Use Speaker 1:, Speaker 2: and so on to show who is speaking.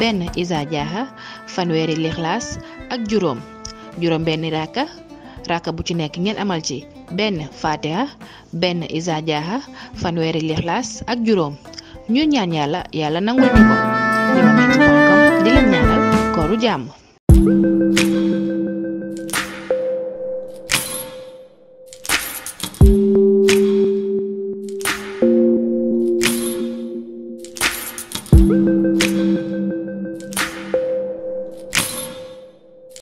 Speaker 1: Ben isa jaaxa Lihlas, Agjurum. ak jurom jurom raka raka raka bu ci nek ngeen amal ci Lihlas, fatiha Nyonya isa jaaxa fanweeri lixlaas ak jurom ñu ñaan yalla yalla nangul ñu ko di leen ñaanal thank you